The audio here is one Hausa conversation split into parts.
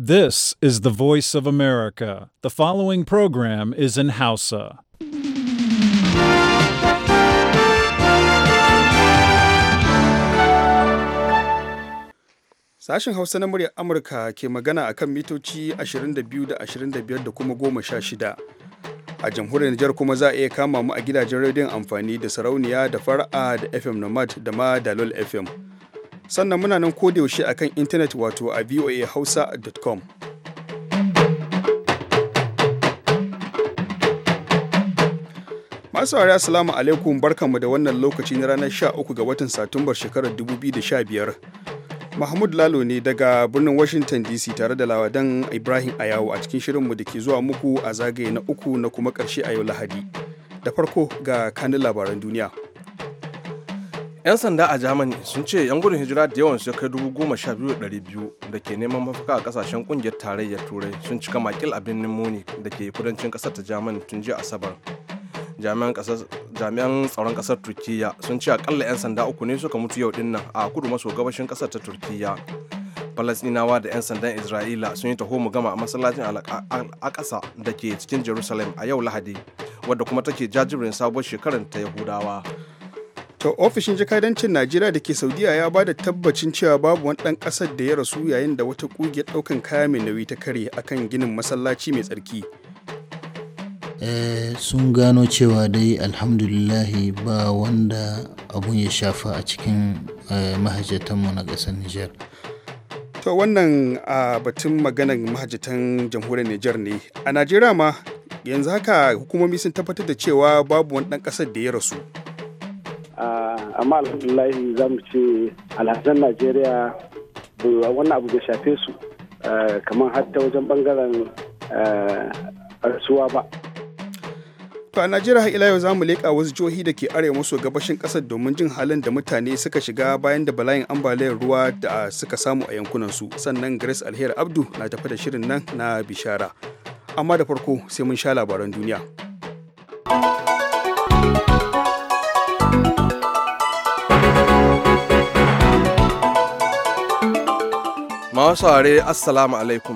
This is the voice of America. The following program is in Hausa. Sashen Hausa na muryar Amurka ke magana akan mitoci 22 da 25 da kuma 16. A jamhuriyar Nijar kuma za a iya kama mu a gidajen rediyon amfani da sarauniya da fara'a da FM Nomad da ma Dalol FM. sannan muna nan kodayaushe a kan intanet wato a voahausa.com. Masu wari assalamu alaikum barkanmu da wannan lokaci na ranar 13 ga watan Satumbar shekarar 2015. Mahmud Lalo ne daga birnin Washington DC tare da lawadan Ibrahim Ayawo a cikin shirinmu da ke zuwa muku a zagaye na uku na kuma karshe a yau Lahadi. Da farko ga kanin labaran duniya. 'yan sanda a germany sun ce 'yan gudun hijira da yawan su kai dubu goma sha biyu da biyu da ke neman mafaka a kasashen kungiyar tarayyar turai sun cika makil a birnin munich da ke kudancin kasar ta germany tun jiya asabar jami'an tsaron kasar turkiya sun ce akalla 'yan sanda uku ne suka mutu yau dinnan a kudu maso gabashin kasar ta turkiya falasinawa da 'yan sandan isra'ila sun yi taho mu gama a masallacin kasa da ke cikin jerusalem a yau lahadi wadda kuma take jajirin sabuwar shekarar ta yahudawa To ofishin jakadancin Najeriya da ke Saudiya ya ba da tabbacin cewa babu wani ɗan ƙasar da ya rasu yayin da wata ƙugiyar ɗaukan kaya mai nauyi ta kare akan ginin masallaci mai tsarki. Eh, sun gano cewa dai alhamdulillahi ba wanda abun ya shafa a cikin eh, mahajjatanmu na ƙasar Nijar. To wannan a batun maganar mahajjatan jamhuriyar Nijar ne. A Najeriya ma yanzu haka hukumomi sun tabbatar da cewa babu wani ɗan ƙasar da ya rasu. Ah, amma alhamdulahi za mu ce alhazan najeriya wannan abu bai shafe su ah, kamar hatta wajen bangaren ah, rasuwa ba To a Najeriya ila yau zamu leƙa wasu jihohi da ke arewa maso gabashin ƙasar domin jin halin da mutane suka shiga bayan da bala'in ambaliyar ruwa da suka samu a yankunansu. Sannan Grace Alheri Abdu na tafi da shirin nan na bishara. Amma da farko sai mun sha labaran duniya. Masu Assalamu alaikum.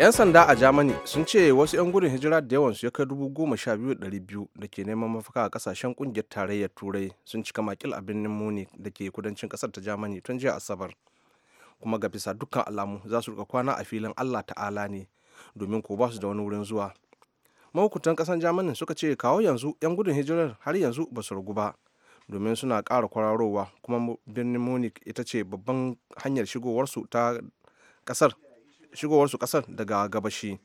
'Yan sanda a jamani sun ce wasu 'yan gudun hijira da yawansu ya kai dubu goma sha biyu ɗari biyu da ke neman mafaka a kasashen kungiyar tarayyar Turai sun cika makil a birnin Munich da ke kudancin kasar ta jamani tun jiya Asabar. Kuma ga bisa dukkan alamu za su rika kwana a filin Allah ta'ala ne domin ko ba su da wani wurin zuwa. Mahukuntan kasar jamani suka ce kawo yanzu 'yan gudun hijirar har yanzu ba su ragu ba. domin suna ƙara kwararowa kuma birnin munich ita ce babban hanyar shigowarsu ta kasar daga gabashi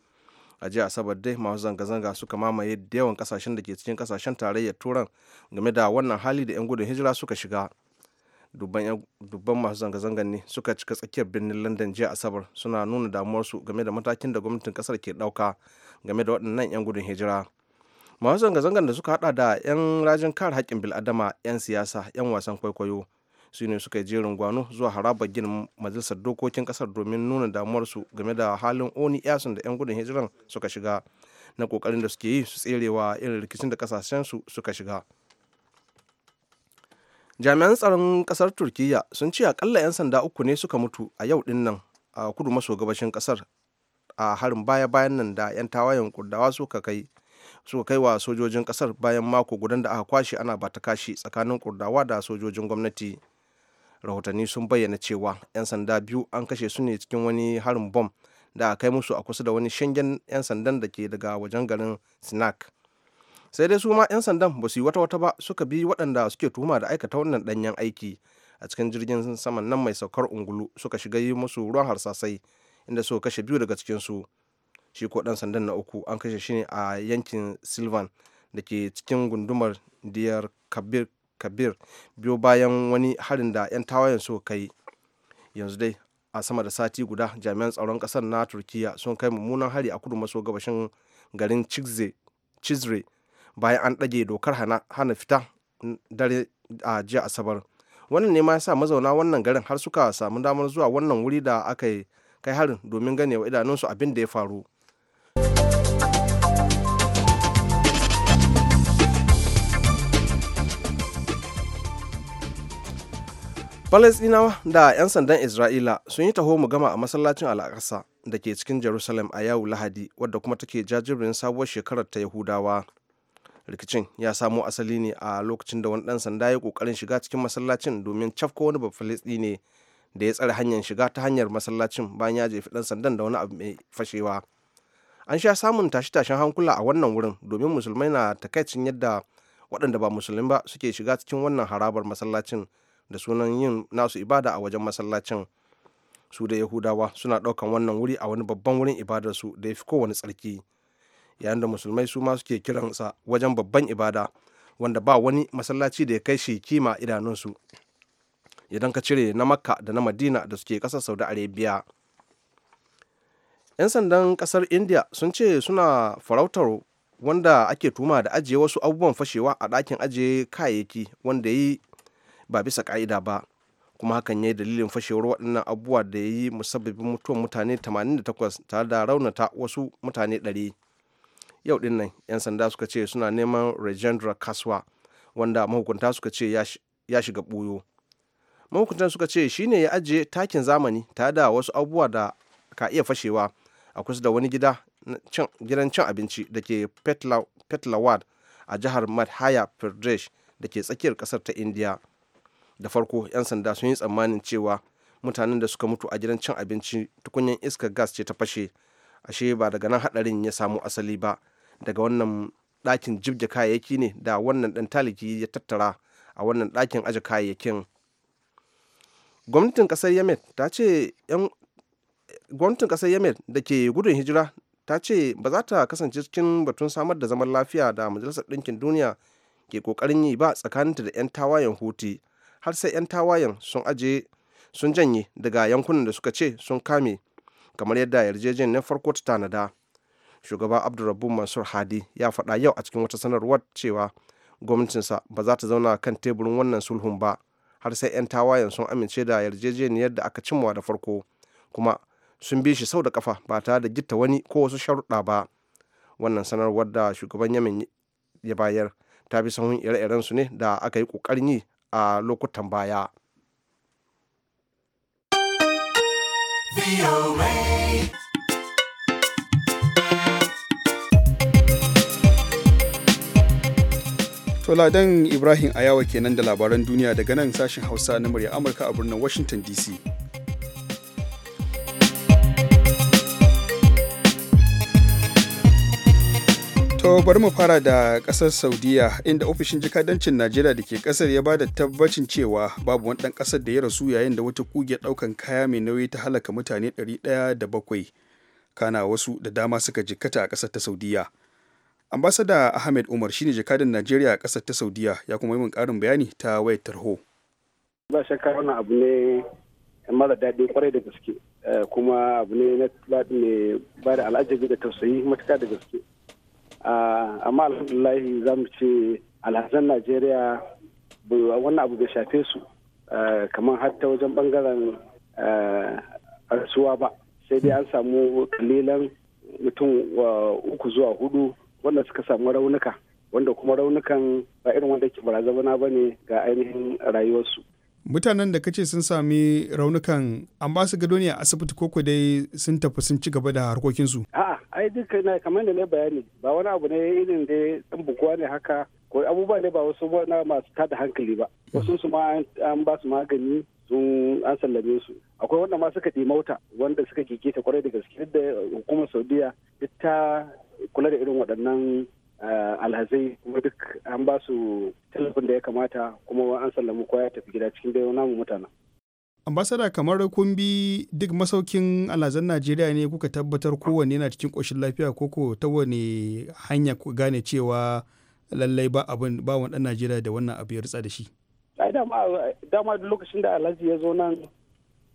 a jiya asabar dai masu zanga-zanga suka mamaye da yawan kasashen da ke cikin kasashen tarayyar turan game da wannan hali da 'yan gudun hijira suka shiga dubban masu zanga-zangan ne suka cika tsakiyar birnin london jiya asabar suna nuna damuwarsu game da matakin da gwamnatin kasar ke ɗauka game da waɗannan 'yan gudun hijira masu zanga-zangar da suka hada da 'yan rajin kare haƙƙin bil'adama 'yan siyasa 'yan wasan kwaikwayo su ne suka yi jerin gwano zuwa harabar ginin majalisar dokokin kasar domin nuna damuwarsu game da halin oni yasin da 'yan gudun hijiran suka shiga na kokarin da suke yi su tserewa irin rikicin da kasashensu suka shiga jami'an tsaron kasar turkiyya sun ce akalla 'yan sanda uku ne suka mutu a yau din nan a kudu maso gabashin kasar a harin baya-bayan nan da 'yan tawayen kurdawa suka kai suka kai wa sojojin kasar bayan mako gudan da aka kwashe ana bata kashi tsakanin kurdawa da sojojin gwamnati rahotanni sun bayyana cewa 'yan sanda biyu an kashe su ne cikin wani harin bom da aka kai musu a kusa da wani shingen 'yan sandan da ke daga wajen garin snack sai dai su ma 'yan sandan ba su yi wata wata ba suka bi waɗanda suke tuhuma da aikata wannan ɗanyen aiki a cikin jirgin saman nan mai saukar ungulu suka shiga yi musu ruwan harsasai inda suka kashe biyu daga cikinsu shi ko dan sandan na uku an kashe shi ne a yankin silvan da ke cikin gundumar diyar kabir kabir biyo bayan wani harin da 'yan tawayen su kai yanzu dai a sama da sati guda jami'an tsaron kasar na turkiya sun kai mummunan hari a kudu maso gabashin garin cizre bayan an ɗage dokar hana fita dare a jiya asabar wannan ne ma sa mazauna wannan garin har suka samu damar zuwa wannan wuri da aka kai harin domin ganewa idanunsu abin da ya faru Falasɗinawa da 'yan sandan Isra'ila sun yi taho mu gama a masallacin alaƙasa da ke cikin Jerusalem a yau Lahadi wadda kuma take jajibirin sabuwar shekarar ta Yahudawa. Rikicin ya samo asali ne a lokacin da wani ɗan sanda ya ƙoƙarin shiga cikin masallacin domin cafko wani ne da ya tsare hanyar shiga ta hanyar masallacin bayan ya jefi ɗan sandan da wani abu mai fashewa. An sha samun tashe-tashen hankula a wannan wurin domin musulmai na takaicin yadda waɗanda ba musulmi ba suke shiga cikin wannan harabar masallacin da sunan yin nasu ibada a wajen masallacin su da yahudawa suna ɗaukan wannan wuri a wani babban wurin ibadarsu da ya fi kowane tsarki yayin da musulmai su ma suke kiransa wajen babban ibada wanda ba wani masallaci da ya kai shi kima idanunsu idan ka cire na makka da na madina da suke ƙasar saudi arabia 'yan sandan ƙasar india sun ce suna farautar wanda ake tuma da ajiye wasu abubuwan fashewa a ɗakin ajiye kayayyaki wanda yi ba bisa ka'ida ba kuma hakan ya yi dalilin fashewar waɗannan abubuwa da ya yi musabbabin mutuwar mutane 88 tare da raunata wasu mutane 100 yau din nan 'yan sanda suka ce suna neman regendra kaswa wanda mahukunta suka ce ya shiga ɓuyo mahukuntan suka ce shine ya ajiye takin zamani tare da wasu abubuwa da ka iya fashewa a kusa da wani gidan cin abinci da ke petlawad a jihar madhya pradesh da ke tsakiyar kasar ta india da farko 'yan sanda sun yi tsammanin cewa mutanen da suka mutu a gidan cin abinci tukunyan iskar gas ce ta fashe ashe ba daga nan hadarin ya samo asali ba daga wannan ɗakin jibge kayayyaki ne da wannan ɗan taliki ya tattara a wannan ɗakin aje kayayyakin gwamnatin ƙasar yemen ta ce gwamnatin ƙasar yemen da ke gudun hijira ta ce ba za ta kasance cikin batun samar da zaman lafiya da majalisar ɗinkin duniya ke ƙoƙarin yi ba tsakaninta da 'yan tawayen hutu. har sai 'yan tawayen sun aje sun janye daga yankunan da suka ce sun kame kamar yadda yarjejeniyar farko ta tanada shugaba abdurrabu mansur hadi ya faɗa yau a cikin wata sanarwar cewa gwamnatinsa ba za ta zauna kan teburin wannan sulhun ba har sai 'yan tawayen sun amince da yarjejeniyar da aka cimma da farko kuma sun bi shi sau da kafa ba tare da gitta wani ko wasu sharuɗa ba wannan sanarwar da shugaban yamin ya bayar ta bi sahun ire-iren ne da aka yi ƙoƙarin yi a lokutan baya. Toladan Ibrahim Ayawa kenan da labaran duniya daga nan sashen Hausa na murya Amurka a birnin Washington DC. bari mu fara da kasar Saudiya inda ofishin jikadancin Najeriya da ke kasar ya ba da tabbacin cewa babu wani dan kasar da ya rasu yayin da wata kugiyar daukan kaya mai nauyi ta halaka mutane 107 kana wasu da dama suka jikkata a kasar ta Saudiya. Ambasada Ahmed Umar shine jakadan Najeriya a kasar ta Saudiya ya kuma yi min karin bayani ta wayar tarho. Ba shakka wannan da eh, kuma abu ne na ba da al'ajabi da tausayi matuka da gaske. Ah, amma alhamdulahi za mu ce alhazan najeriya wannan abu bai shafe su ah, kamar hatta wajen bangaren ah, rasuwa ba sai dai an samu kalilan mutum uku zuwa hudu wanda suka samu raunuka wanda kuma raunukan ba irin wanda ke barazana ba ne ga ainihin rayuwarsu mutanen da kace sun sami raunukan an ba su gado ne a asibiti ko dai sun tafi sun ci gaba da harkokinsu ai duka na kamar da na bayani ba wani abu ne irin da ɗan buguwa ne haka ko abubuwa ne ba wasu na masu tada hankali ba wasu su ma an ba su magani sun an sallame su akwai wanda ma suka mota wanda suka ta kwarai da gaske da hukumar saudiya duk ta kula da irin waɗannan eh, alhazai kuma duk an ba su tallafin da ya kamata kuma an sallamu kowa ya tafi gida cikin dai namu mutanen ambasada kamar kun bi duk masaukin alazan najeriya ne kuka tabbatar kowanne yana cikin ƙoshin lafiya ko ko ta wani hanya ku gane cewa lallai ba abin ba wani ɗan najeriya da wannan abu ya ritsa da shi dama lokacin da alhaji ya zo nan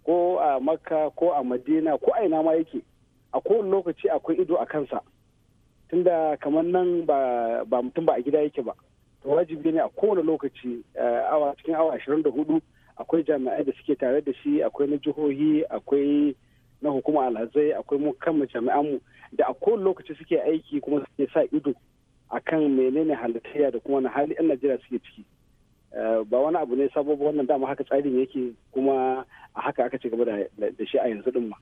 ko a makka ko a madina ko a ina ma yake a kowane lokaci akwai ido a kansa tunda kamar nan ba mutum ba a gida yake ba to wajibi ne a kowane lokaci eh, awa cikin awa ashirin da hudu akwai jami'ai da suke tare da shi akwai na jihohi akwai na hukuma alhazai akwai mu kanmu jami'anmu da a kowane lokaci suke aiki kuma suke sa ido akan menene halittaya da kuma na hali 'yan najeriya suke ciki eh, ba wani abu ne sabo wannan dama haka tsarin yake kuma a haka aka ci gaba da shi a yanzu din ma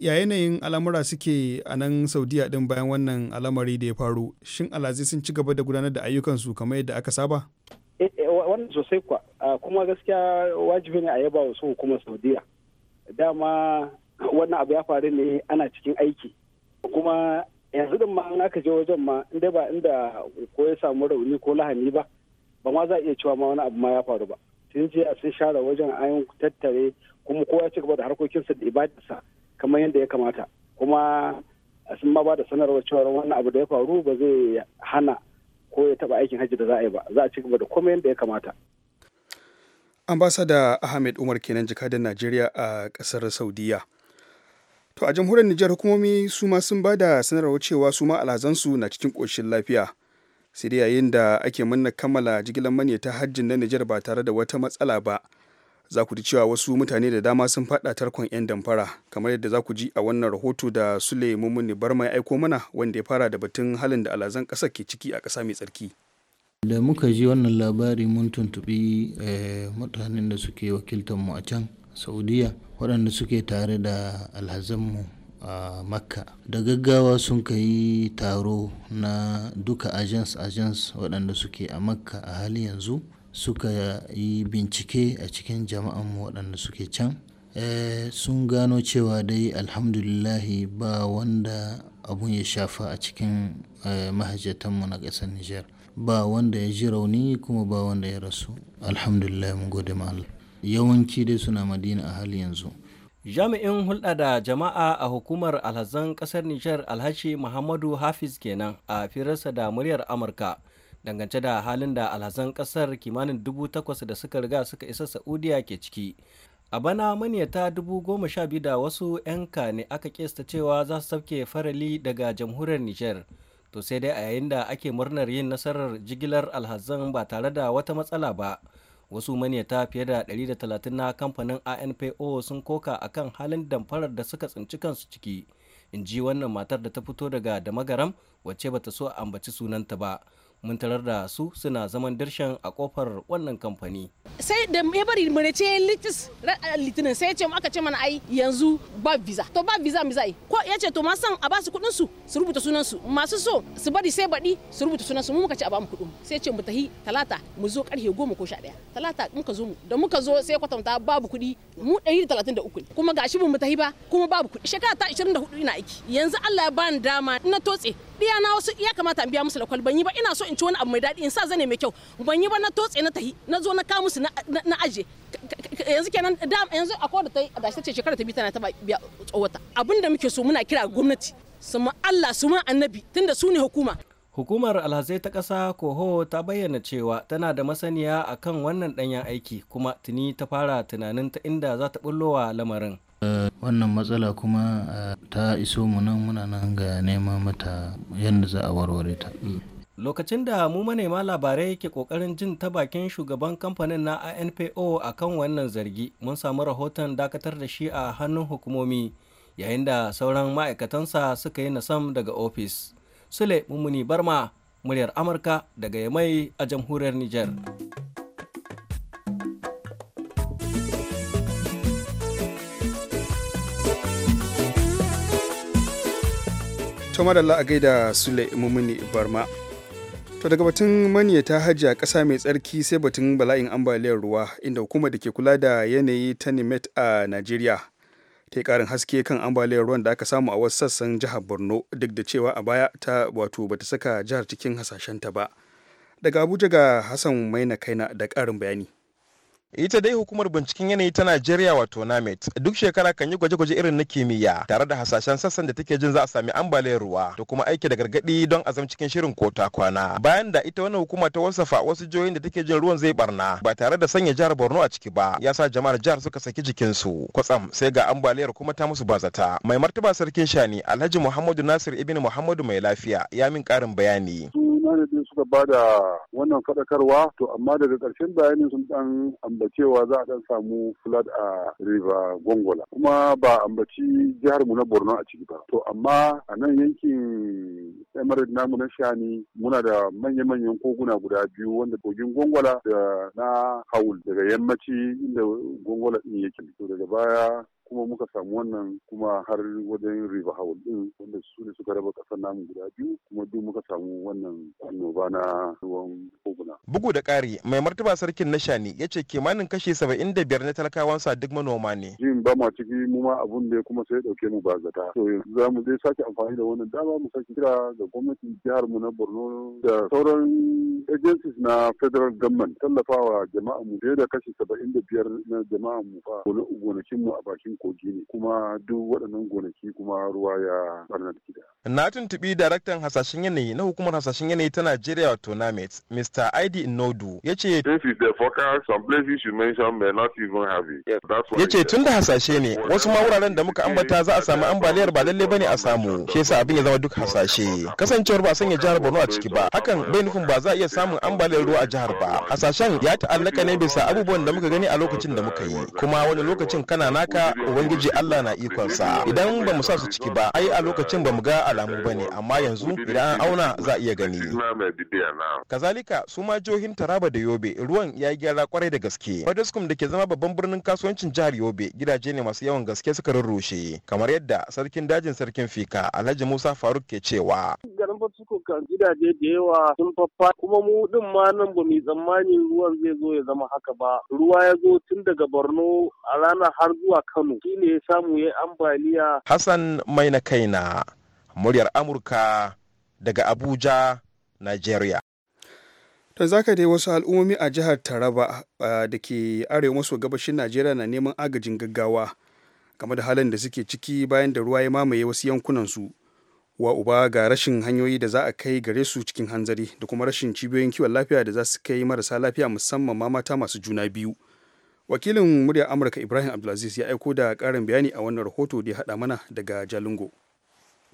ya yanayin al'amura suke a nan saudiya din bayan wannan al'amari da ya faru shin alhazai sun ci gaba da gudanar da ayyukansu kamar yadda aka saba eh, eh, wannan sosai kuwa kuma gaskiya wajibi ne a yaba wasu hukumar saudiya dama wannan abu ya faru ne ana cikin aiki kuma yanzu din ma an aka je wajen ma inda ba inda ko ya samu rauni ko lahani ba ba ma za a iya cewa ma wani abu ma ya faru ba sun je a sun share wajen an tattare kuma kowa ya ci gaba da harkokinsa da ibadarsa kamar yadda ya kamata kuma sun ma ba da sanarwar cewa wannan abu da ya faru ba zai hana ko ya taba aikin hajji da za a yi ba za a ci gaba da komai yadda ya kamata an basa da ahmed umar kenan jakadan najeriya a kasar saudiya to a jamhuriyar nijar hukumomi su ma sun ba da sanarwar cewa su ma alhazansu na cikin ƙoshin lafiya sai dai yayin da ake manna kammala jigilar manyata hajjin na nijar ba tare da wata matsala ba za ku ji cewa wasu mutane da dama sun faɗa tarkon 'yan damfara kamar yadda za ku ji a wannan rahoto da sule mummuni barma ya aiko mana wanda ya fara da batun halin da alazan ƙasar ke ciki a ƙasa mai tsarki. Da muka ji wannan labari mun tuntuɓi eh, mutanen da suke wakiltar mu a can Saudiya waɗanda suke tare da alhazanmu a Makka. Da gaggawa sun ka yi taro na duka agents agents waɗanda suke a Makka a halin yanzu suka yi bincike a cikin jama'anmu waɗanda suke can. Eh, sun gano cewa dai alhamdulillahi ba wanda abun ya shafa a cikin eh, mahajjatanmu na ƙasar Nijar. ba wanda ya ji rauni kuma ba wanda ya rasu alhamdulillah mun gode ma Allah yawanci dai suna madina a hali yanzu jami'in hulɗa da jama'a a hukumar alhazan ƙasar nijar alhashi muhammadu hafiz kenan a firarsa da muryar amurka dangance da halin da alhazan ƙasar kimanin dubu takwas da suka riga suka isa saudiya ke ciki a bana maniyata dubu goma sha biyu da wasu 'yanka ne aka kesta cewa za su sauke farali daga jamhuriyar nijar to sai dai a yayin da ake murnar yin nasarar jigilar alhazan ba tare da wata matsala ba wasu manyata fiye da 130 na kamfanin anpo sun koka akan halin damfarar da suka tsinci kansu ciki in ji wannan matar da ta fito daga damagaram wacce bata so a ambaci sunanta ba mun tarar da su suna zaman darshan a kofar wannan kamfani. sai da ya bari mu ce litis litinin sai ce aka ce mana ai yanzu ba visa to ba visa mi zai ko ya ce to ma san a ba su kudin su su rubuta sunan su masu so su bari sai baɗi su rubuta sunan su mu muka ce a ba mu kudin sai ce mu tahi talata mu zo karhe 10 ko 11 talata talata muka zo mu da muka zo sai kwatanta babu kuɗi mu ɗari da kuma gashi ba mu tahi ba kuma babu kuɗi shekara ta 24 ina aiki yanzu Allah ya bani dama na totse biya na wasu ya kamata in biya musu lakwal ban yi ba ina so in ci wani abu mai daɗi in sa zane mai kyau ban yi ba na totse na tahi na zo na ka musu na aje yanzu kenan da yanzu akwai da ta yi da ce shekara ta bi tana ta biya tsawata da muke so muna kira gwamnati su ma Allah su ma annabi tunda su ne hukuma Hukumar alhazai ta ƙasa Koho ta bayyana cewa tana da masaniya akan wannan ɗanyen aiki kuma tuni ta fara tunanin ta inda za ta bullowa lamarin. Eh, wannan matsala kuma eh, ta iso mu nan muna nan ga nema mata yadda za a warware ta. Mm. Lokacin da mu manema labarai ke kokarin jin ta bakin shugaban kamfanin na ANPO a kan wannan zargi, mun samu rahoton dakatar da shi a hannun hukumomi yayin da sauran ma'aikatansa suka yi nasam daga ofis. Sule mummuni Barma, muryar Amurka daga Yamai a jamhuriyar Nijar. to madalla a gaida sule mumuni barma to daga batun ta hajji a ƙasa mai tsarki sai batun bala'in ambaliyar ruwa inda hukumar da ke kula da yanayi ta nimet a najeriya ta yi ƙarin haske kan ambaliyar ruwan da aka samu a wasu sassan jihar borno duk da cewa a baya ta wato bata saka jihar cikin hasashen ta ba daga abuja ga hassan maina kaina da ƙarin bayani ita dai hukumar binciken yanayi ta najeriya wato namet duk shekara kan yi gwaje-gwaje irin na kimiyya tare da hasashen sassan da take jin za a sami ambaliyar ruwa da kuma aiki da gargadi don azam cikin shirin kota kwana bayan da ita wannan hukuma ta wasafa wasu jihohin da take jin ruwan zai barna ba tare da sanya jihar borno a ciki ba yasa jama'ar jihar suka saki jikinsu kwatsam sai ga ambaliyar kuma ta musu bazata mai martaba sarkin shani alhaji muhammadu nasir ibn muhammadu mai lafiya ya min karin bayani usmani din suka ba da wannan faɗakarwa to amma daga ƙarshen bayanin sun dan ambacewa za a dan samu flood a river gongola kuma ba ambaci jihar mu na borno a ciki ba to amma a nan yankin emirate namu na shani muna da manya-manyan koguna guda biyu wanda kogin gongola da na haul daga yammaci inda gongola din yake to daga baya kuma muka samu wannan kuma har wajen riba hawul din wanda su ne suka raba kasar namu guda biyu kuma duk muka samu wannan annoba na ruwan koguna. Bugu da ƙari mai martaba sarkin na ya ce kimanin kashe saba'in da biyar na talakawansa duk manoma ne. Jin ba ma ciki mu ma abun da kuma sai ɗauke mu ba zata. To za mu dai sake amfani da wannan dama mu sake kira ga gwamnatin jihar mu na Borno da sauran agencies na federal government tallafawa jama'a mu da kashe saba'in da biyar na jama'a mu fa gonakin mu a bakin kogi ne kuma duk waɗannan gonaki kuma ruwa ya barna da gida. Na tuntuɓi daraktan hasashen yanayi na hukumar hasashen yanayi ta Najeriya wato NAMET, Mr. ID Nodu, ya ce. Ya ce tun da hasashe ne wasu ma wuraren da muka ambata za a samu ambaliyar ba lalle ne a samu shi yasa abin ya zama duk hasashe kasancewar ba sanya jihar Borno a ciki ba hakan bai nufin ba za a iya samun ambaliyar ruwa a jihar ba hasashen ya ta'allaka ne bisa abubuwan da muka gani a lokacin da muka yi kuma wani lokacin kana naka ubangiji allah na ikon sa. idan ba mu sa su ciki ba ai a lokacin ba mu ga alamu ba ne amma yanzu idan an auna za a iya gani kazalika su ma jihohin taraba da yobe ruwan ya gyara kwarai da gaske badaskum da ke zama babban birnin kasuwancin jihar yobe gidaje ne masu yawan gaske suka rurrushe kamar yadda sarkin dajin sarkin fika alhaji musa faruk ke cewa garin fasuko kan gidaje da yawa sun faffa kuma mu din ma nan ba mu tsammani ruwan zai zo ya zama haka ba ruwa ya zo tun daga borno a ranar har zuwa kano ne ya samu ya ambaliya. Hassan mai na kai na muryar Amurka daga Abuja, Nigeria. To zaka dai wasu al'ummomi a jihar Taraba da ke arewa maso gabashin Najeriya na neman agajin gaggawa game da halin da suke ciki bayan da ruwa ya mamaye wasu yankunan su. Wa uba ga rashin hanyoyi da za a kai gare su cikin hanzari da kuma rashin cibiyoyin kiwon lafiya da za su kai marasa lafiya musamman ma mata masu juna biyu. wakilin muryar amurka ibrahim abdulaziz ya aiko da karin bayani a wannan rahoto da ya haɗa mana daga jalingo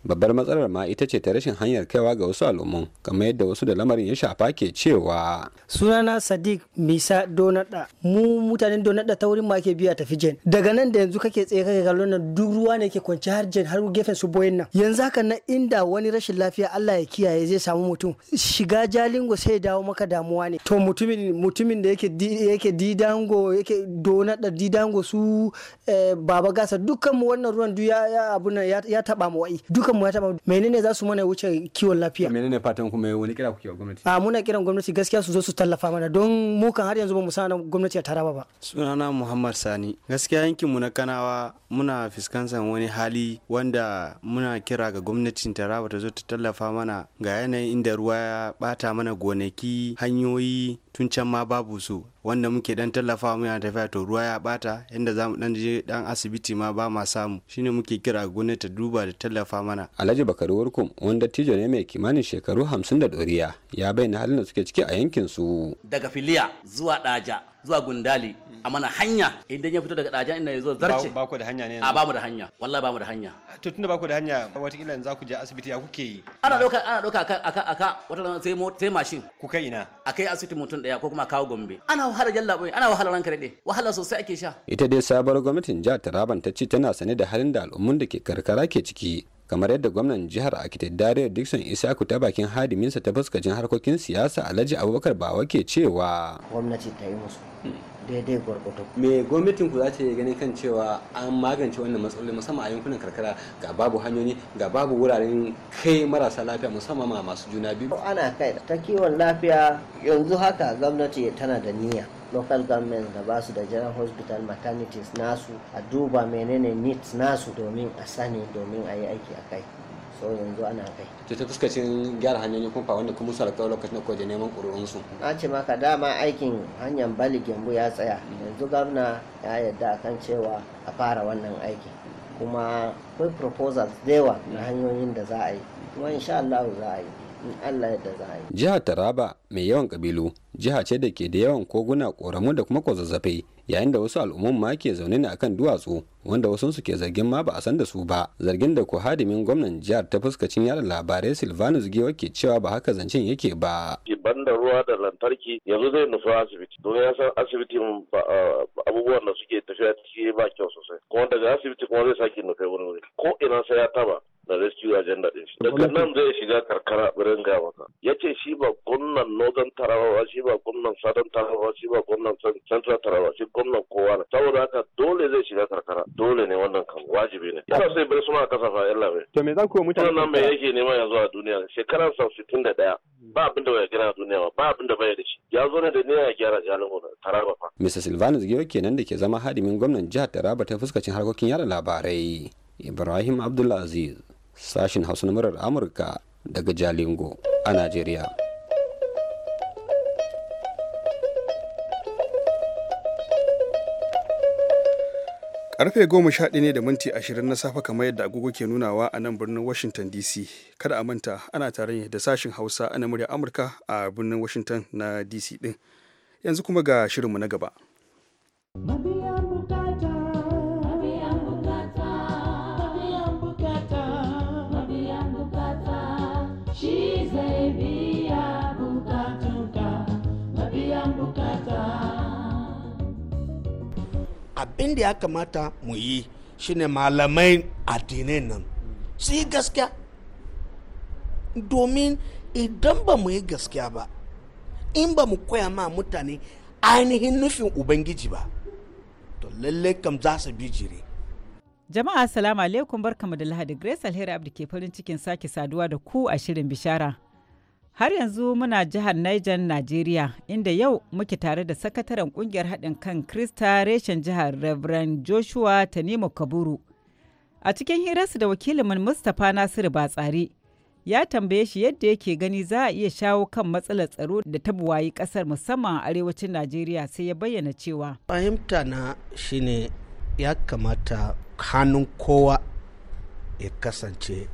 babbar matsalar ma ita ce ta rashin hanyar kaiwa ga wasu al'ummun kamar yadda wasu da lamarin ya shafa ke cewa sunana sadiq misa donada mu mutanen donada ta wurin ma ke biya tafi jen daga nan da yanzu kake tsaye kake kallon nan duk ruwa ne ke kwanci har jen har gefen su boyen nan yanzu haka na inda wani rashin lafiya Allah ya kiyaye zai samu mutum shiga jalingo sai dawo maka damuwa ne to mutumin mutumin da yake yake didango yake donada didango su eh, baba gasa dukkan mu wannan ruwan duk ya abuna ya taba mu wai dukkan mu ya taba menene za su mana wuce kiwon lafiya menene fatan kuma wani kira kuke wa gwamnati a muna kiran gwamnati gaskiya su zo su tallafa mana don mu kan har yanzu ba mu san gwamnati a taraba ba sunana Muhammad Sani gaskiya yankin mu na Kanawa muna fuskantar wani hali wanda muna kira ga gwamnatin Taraba ta zo ta tallafa mana ga yanayin inda ruwa ya bata mana gonaki hanyoyi tun can ma babu su wanda muke dan tallafawa muna tafiya to ruwa ya bata inda za mu dan je dan asibiti ma ba ma samu shine muke kira gwamnati ta duba da tallafa mana Alhaji Bakari Warkum wanda tijo ne mai kimanin shekaru hamsin da doriya ya bayyana halin da suke ciki a yankin su daga filiya zuwa daja zuwa gundali hmm. a mana hanya idan ya fito daga dajan inda ya zo zarce ba ku da hanya ne a ba mu da hanya wallahi ba mu da hanya to tunda ba ku da hanya watakila za ku je asibiti ya kuke yi ana dauka ana dauka aka aka aka wata sai mo sai mashin ku kai ina akai asibiti mutum daya ko kuma kawo gombe ana wahala jalla bai ana wahala ranka dai wahala sosai ake sha ita dai sabuwar gwamnatin jihar Taraban ta ce tana sane da halin da al'ummun da ke karkara ke ciki kamar yadda gwamnan jihar akite dariyar dixon isaku ta bakin hadiminsa ta fuskacin harkokin siyasa alhaji abubakar bawa ke cewa gwamnati ta yi musu daidai gwargwato. me gwamnatin ku za ta yi ganin kan cewa an magance wannan matsaloli musamman a yankunan karkara ga babu hanyoyi ga babu wuraren kai marasa lafiya musamman a masu juna biyu ana kai ta kiwon lafiya yanzu haka gwamnati tana da niyya local government da basu da general hospital maternities nasu a duba menene needs nasu domin a sani domin a yi aiki a kai so yanzu ana kai to ta fuskacin gyara hanyoyin kumfa wanda kuma musa alƙawar lokacin ko da neman ƙuri'unsu na ce maka dama aikin hanyar bali gembu ya tsaya yanzu gwamna ya yarda akan cewa a fara wannan aiki kuma akwai proposals da na hanyoyin da za a yi kuma insha Allah za a yi jiha Jihar Taraba mai yawan kabilu jiha ce da ke da yawan koguna koramu da kuma kwazazzafe yayin da wasu al'umman ma ke zaune ne akan duwatsu wanda wasu su ke zargin ma ba a san da su ba zargin da ko hadimin gwamnan jihar ta fuskacin yada labarai Silvanus Gewa ke cewa ba haka zancen yake ba. Ban da ruwa da lantarki yanzu zai nufi asibiti don ya san asibiti abubuwan da suke tafiya ciki ba kyau sosai kuma daga asibiti kuma zai sake nufi wani wuri ko ina sai ya taba na rescue agenda din shi daga nan zai shiga karkara birin ga masa ya ce shi ba gwamnan northern tarawa shi ba gwamnan southern tarawa shi ba gwamnan central tarawa shi gwamnan kowa ne saboda haka dole zai shiga karkara dole ne wannan kan wajibi ne yana sai bari suna kasafa yan labe to me za ku mutane nan me yake nema ya zo a duniya shekarar sa 61 ba abin da bai gina a duniya ba ba abin da bai da shi ya zo ne da ne ya gyara jalin taraba fa Mr. Silvanus Giyo kenan da ke zama hadimin gwamnan jihar Taraba ta fuskacin harkokin yara labarai Ibrahim Abdullah Aziz. sashen hausa na murar amurka daga jalingo a najeriya karfe goma sha ne da minti ashirin na safe kamar yadda agogo ke nunawa a nan birnin washington dc kada a manta ana tare da sashin hausa ana murya amurka a birnin washington na dc din yanzu kuma ga shirinmu na gaba abin da ya kamata mu yi shine malamai addinai nan su yi gaskiya domin idan ba mu yi gaskiya ba in ba mu koya ma mutane ainihin nufin ubangiji ba to lalle kam za su bi bijire jama'a salamu alaikum barkamu da lahadi grace alheri abdi ke farin cikin sake saduwa da ku a shirin bishara Har yanzu muna jihar Niger, Najeriya, inda yau muke tare da sakataren kungiyar haɗin kan Krista reshen jihar Reverend Joshua Tanimu Kaburu. A cikin hirarsu da wakilin Mustapha Nasiru Batsari, ya tambaye shi yadda yake gani za a iya shawo kan matsalar tsaro da ta buwayi ƙasar musamman a arewacin Najeriya sai ya bayyana cewa. Fahimta na shine ya kamata hannun kowa ya kasance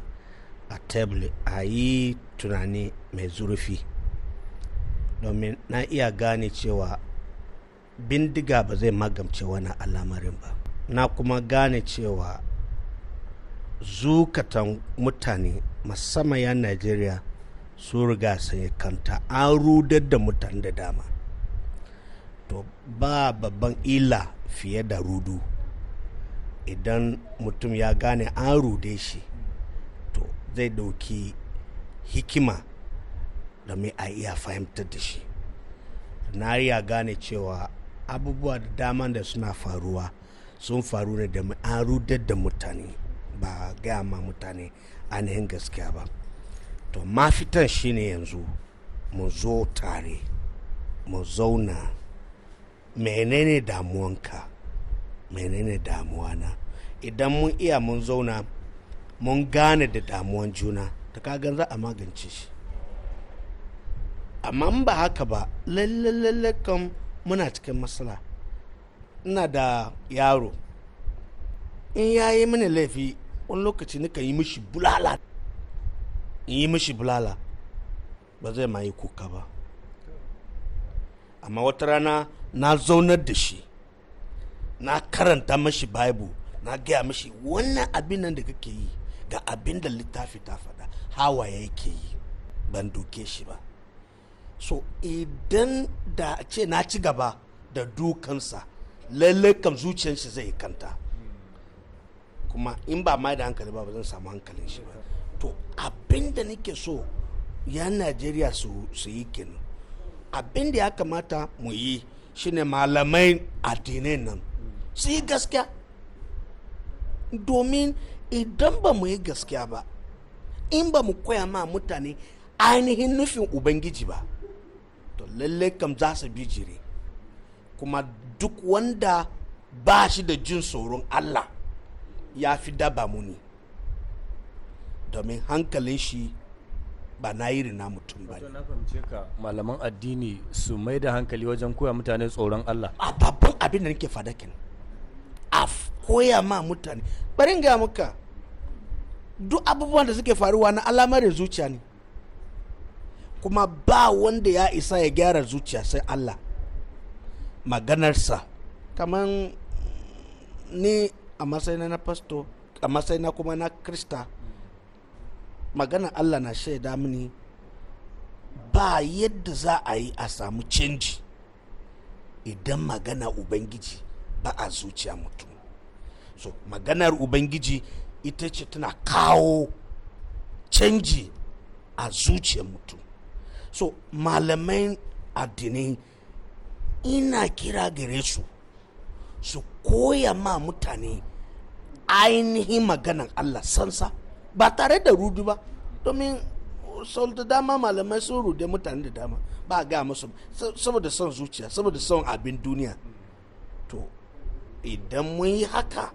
a table a yi tunani mai zurfi domin na iya gane cewa bindiga ba zai magance wani al'amarin ba na kuma gane cewa zukatan mutane musamman 'yan najeriya su riga sai kanta an rudar da mutane da dama to ba babban ila fiye da rudu idan mutum ya gane an rude shi zai dauki hikima domin a iya fahimtar da shi na iya gane cewa abubuwa da dama da suna faruwa sun faru ne da an rudar da mutane ba gaya ma mutane ainihin gaskiya ba to mafitan ne yanzu mu zo tare mu zauna menene damuwanka menene damuwana idan mun iya mun zauna mun gane da damuwan juna ta kagan za a magance shi amma in ba haka ba lalle kan muna cikin matsala ina da yaro in ya yi mini laifi wani lokaci nika yi mishi bulala in yi mishi bulala ba zai ma yi kuka ba amma wata rana na zaunar da shi na karanta mashi bible na gaya mashi wannan abin nan da kake yi ga abin da littafi ta faɗa hawaye yake yi ban duke shi ba so idan da ce na ci gaba da dukansa lallai kam zuciyar shi zai kanta kuma in ba mai da hankali ba ba zan samu hankalin shi ba to abin da nake so ya najeriya su yi kenan abin da ya kamata mu yi shine malamai addinai nan su yi gaskiya domin idan ba mu yi gaskiya ba in ba mu koya ma mutane ainihin nufin ubangiji ba to lalle kam za su bijire kuma duk wanda ba shi da jin tsoron allah ya fi daba muni domin hankalin shi ba na yi rina mutum ba na fahimce ka malaman addini su mai da hankali wajen koya mutane tsoron allah a babban abin da nake fada kenan a koya ma mutane bari ga muka duk abubuwan da suke faruwa na alamar zuciya ne kuma ba wanda ya isa ya gyara zuciya sai Allah maganarsa kamar ni a matsayin na pasto a matsayin kuma na krista magana Allah na shaida mini ba yadda za a yi a samu canji idan magana ubangiji ba a zuciya mutum so maganar ubangiji ita ce tana kawo canji a zuciyar mutum so malamai addinai ina kira gare su su koya ma mutane ainihin maganan allah sansa ba tare da rudu ba domin sau da dama malamai sun rude mutane da dama ba a gaya musu saboda son zuciya saboda son abin duniya idan mun yi haka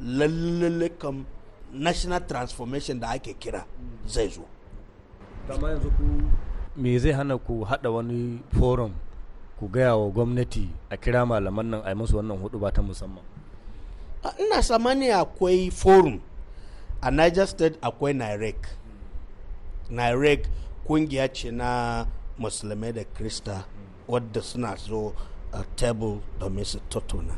lalle kam national transformation da ake kira zai zo me zai hana ku hada wani forum ku gaya wa gwamnati a kira malaman nan a yi musu wannan hudu ba ta musamman ina samani akwai forum a niger state akwai nirec nirec kungiya ce na musulmai da krista wadda suna zo a uh, table domin su tattauna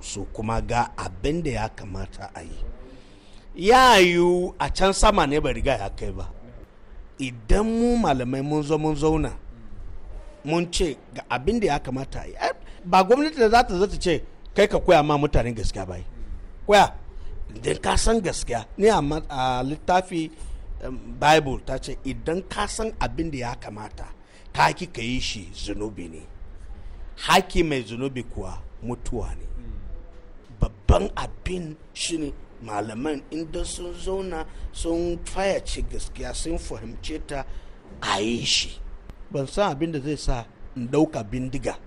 su kuma ga abin da ya kamata a yi ya yiwu a can sama ne ba riga ya kai ba idan mu malamai mun zo mun zauna mun ce ga abin da ya kamata a yi ba gwamnati da za ta zata ce kai ka koya ma mutane gaskiya bai koya idan ka san gaskiya ni a littafi bible ta ce idan ka san abin da ya kamata ka ki ka yi shi zunubi ne haki mai zunubi kuwa mutuwa ne babban abin shine malaman inda sun zauna sun fayace gaskiya sun fahimce ta a yi shi ban san abin da zai sa in ɗauka bindiga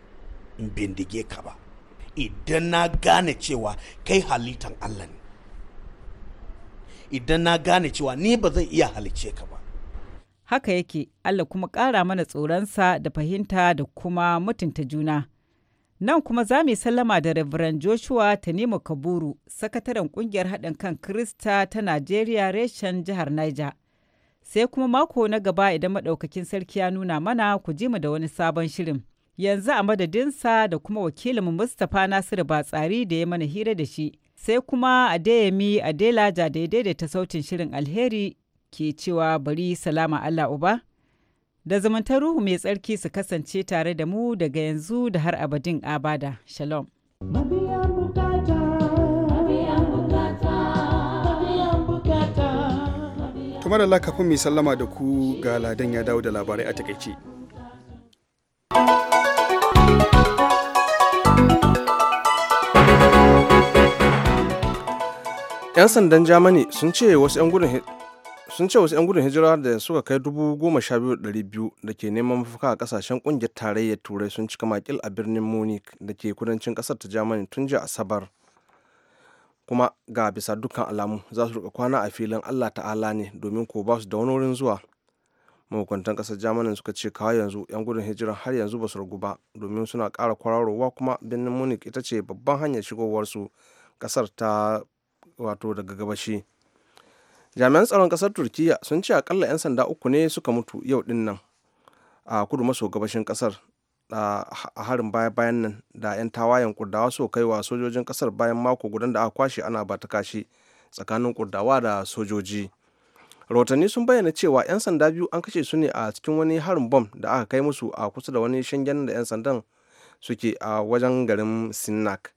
in bindige ka ba idan na gane cewa kai halittan allah ne idan na gane cewa ni ba zai iya halice ka ba haka yake allah kuma ƙara mana tsoronsa da fahimta da kuma mutunta juna Nan kuma za mu sallama da Reverend Joshua Tanimu Kaburu, sakataren kungiyar haɗin kan Krista ta Najeriya reshen jihar Niger. Sai kuma mako na gaba idan maɗaukakin sarki ya nuna mana ku ji mu da wani sabon shirin. Yanzu a madadinsa da kuma wakilinmu Mustapha Nasiru Batsari da ya mana hira da shi. Sai kuma Adeyemi Adelaja da ya daidaita sautin shirin alheri ke cewa bari salama Allah Uba. da zumuntar ruhu mai tsarki su kasance tare da mu daga yanzu da har abadin abada shalom kamar da kafin mai sallama da ku ga ladan ya dawo da labarai a takaice yan sandan jamani sun ce wasu 'yan gudun sun ce wasu 'yan gudun hijira da suka kai dubu goma sha biyu ɗari biyu da ke neman mafaka a kasashen ƙungiyar tarayyar turai sun cika makil a birnin munich da ke kudancin kasar ta germany tun jiya asabar kuma ga bisa dukkan alamu za su rika kwana a filin allah ta'ala ne domin ko ba su da wani wurin zuwa mahukuntan kasar germany suka ce kawo yanzu 'yan gudun hijira har yanzu ba su ragu ba domin suna kara kwararowa kuma birnin munich ita ce babban hanyar shigowarsu ƙasar ta wato daga gabashi jami'an tsaron kasar turkiyya sun ce akalla 'yan sanda uku ne suka mutu yau din nan a kudu maso gabashin kasar a harin baya bayan nan da 'yan tawayen kurdawa so kai wa sojojin kasar bayan mako gudan da aka kwashe ana ba ta kashi tsakanin kurdawa da sojoji rahotanni sun bayyana cewa 'yan sanda biyu an kashe su ne a cikin wani harin bom da aka kai musu a kusa da wani shangen da 'yan sandan suke a wajen garin sinnak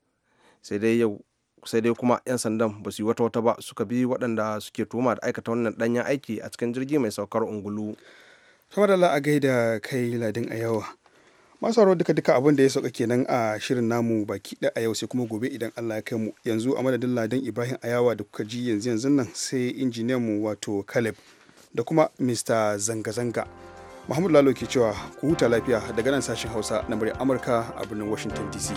sai dai yau sai dai kuma 'yan sandan ba su yi wata wata ba suka bi waɗanda suke tuma da aikata wannan ɗanyen aiki a cikin jirgi mai saukar ungulu sama da a gaida kai ladin a yawa masu haro duka duka abin da ya sauka kenan a shirin namu baki da a yau sai kuma gobe idan allah ya kai mu yanzu a madadin ladin ibrahim ayawa da kuka ji yanzu yanzu nan sai injiniyan mu wato caleb da kuma mr zanga-zanga muhammadu lalo ke cewa ku huta lafiya daga nan sashen hausa na amurka a birnin washington dc